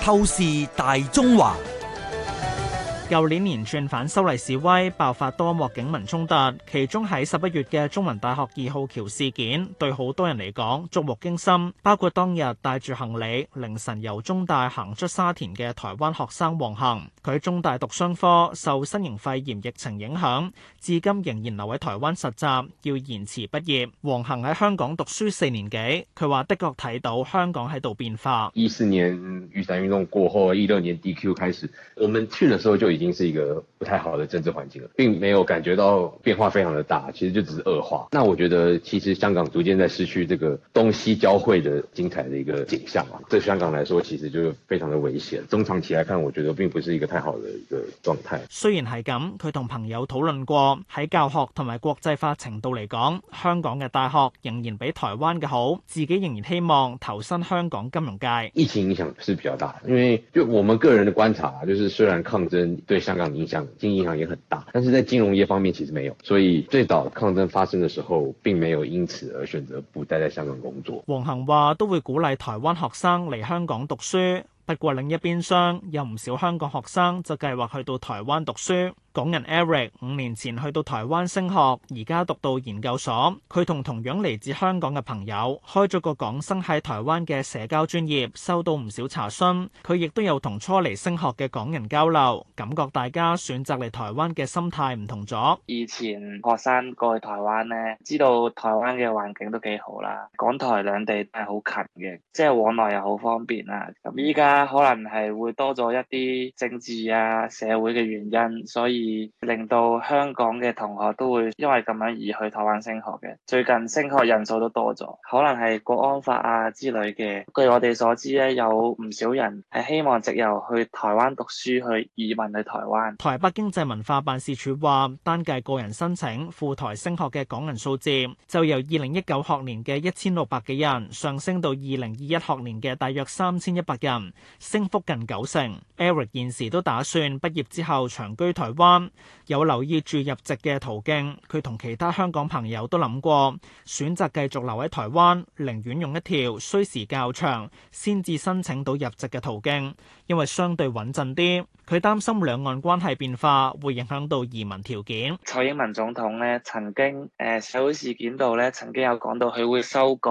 透視大中華。舊年連串反修例示威爆發多幕警民衝突，其中喺十一月嘅中文大學二號橋事件，對好多人嚟講觸目驚心。包括當日帶住行李凌晨由中大行出沙田嘅台灣學生黃恒。佢喺中大讀商科，受新型肺炎疫情影響，至今仍然留喺台灣實習，要延遲畢業。黃恒喺香港讀書四年幾，佢話的確睇到香港喺度變化。一四年雨傘運動過後，一六年 DQ 開始，我們去嘅時候就已經，已經是一個不太好的政治環境了，並沒有感覺到變化非常的大，其實就只是惡化。那我覺得，其實香港逐漸在失去這個東西交匯的精彩的一個景象啊。對香港來說，其實就非常的危險。中長期來看，我覺得並不是一個太好的一個狀態。雖然係咁，佢同朋友討論過，喺教學同埋國際化程度嚟講，香港嘅大學仍然比台灣嘅好。自己仍然希望投身香港金融界。疫情影響是比較大，因為就我們個人的觀察，就是雖然抗爭。對香港影響，經營影響也很大，但是在金融業方面其實沒有，所以最早抗爭發生的時候，並沒有因此而選擇不待在香港工作。黃恒話都會鼓勵台灣學生嚟香港讀書，不過另一邊廂有唔少香港學生就計劃去到台灣讀書。港人 Eric 五年前去到台灣升學，而家讀到研究所。佢同同樣嚟自香港嘅朋友開咗個港生喺台灣嘅社交專業，收到唔少查詢，佢亦都有同初嚟升學嘅港人交流，感覺大家選擇嚟台灣嘅心態唔同咗。以前學生過去台灣咧，知道台灣嘅環境都幾好啦。港台兩地係好近嘅，即係往來又好方便啦。咁依家可能係會多咗一啲政治啊社會嘅原因，所以，而令到香港嘅同學都會因為咁樣而去台灣升學嘅，最近升學人數都多咗，可能係國安法啊之類嘅。據我哋所知咧，有唔少人係希望藉由去台灣讀書去移民去台灣。台北經濟文化辦事處話，單計個人申請赴台升學嘅港人數字，就由二零一九學年嘅一千六百幾人上升到二零二一學年嘅大約三千一百人，升幅近九成。Eric 現時都打算畢業之後長居台灣。有留意住入籍嘅途徑，佢同其他香港朋友都諗過，選擇繼續留喺台灣，寧願用一條需時較長，先至申請到入籍嘅途徑，因為相對穩陣啲。佢擔心兩岸關係變化，會影響到移民條件。蔡英文總統呢曾經誒社會事件度呢，曾經有講到佢會修改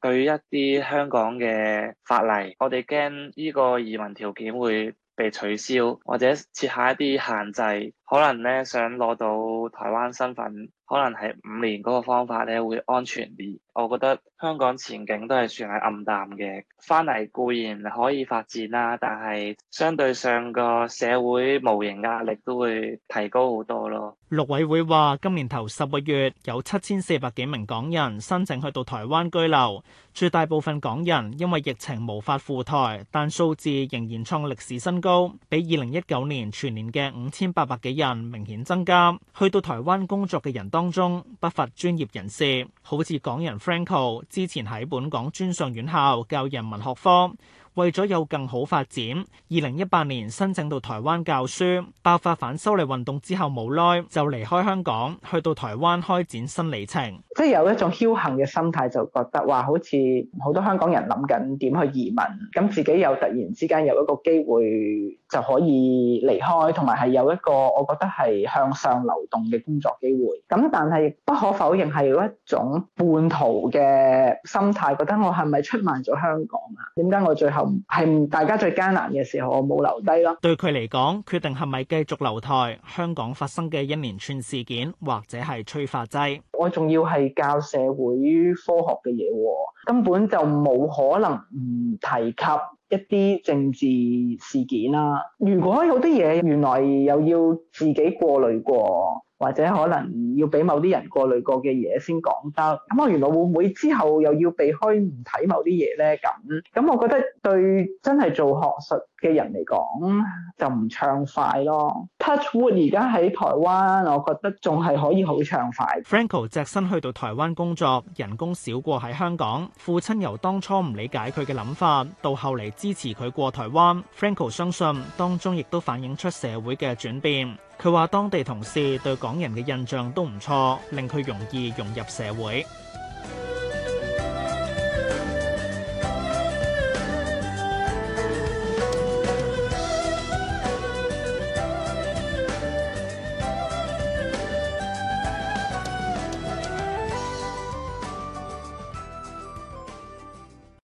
對於一啲香港嘅法例，我哋驚呢個移民條件會被取消，或者設下一啲限制，可能咧想攞到台灣身份，可能係五年嗰個方法咧會安全啲，我覺得香港前景都係算係暗淡嘅。翻嚟固然可以發展啦，但係相對上個社會無形壓力都會提高好多咯。陸委會話今年頭十個月有七千四百幾名港人申請去到台灣居留，絕大部分港人因為疫情無法赴台，但數字仍然創歷史新高，比二零一九年全年嘅五千八百幾人明顯增加。去到台灣工作嘅人多。當中不乏專業人士，好似港人 Franco，之前喺本港專上院校教人文學科。為咗有更好發展，二零一八年申請到台灣教書。爆發反修例運動之後冇耐，就離開香港，去到台灣開展新里程。即係有一種僥幸嘅心態，就覺得話好似好多香港人諗緊點去移民，咁自己又突然之間有一個機會就可以離開，同埋係有一個我覺得係向上流動嘅工作機會。咁但係不可否認係有一種叛逃嘅心態，覺得我係咪出賣咗香港啊？點解我最後？係大家最艱難嘅時候，我冇留低咯。對佢嚟講，決定係咪繼續留台，香港發生嘅一連串事件或者係催化劑？我仲要係教社會科學嘅嘢，根本就冇可能唔提及一啲政治事件啦。如果有啲嘢，原來又要自己過濾過。或者可能要俾某啲人過濾過嘅嘢先講得，咁我原來會唔會之後又要避開唔睇某啲嘢呢？咁，咁，我覺得對真係做學術嘅人嚟講就唔暢快咯。Touchwood 而家喺台灣，我覺得仲係可以好暢快。Franko 隻身去到台灣工作，人工少過喺香港。父親由當初唔理解佢嘅諗法，到後嚟支持佢過台灣。Franko 相信當中亦都反映出社會嘅轉變。佢話：當地同事對港人嘅印象都唔錯，令佢容易融入社會。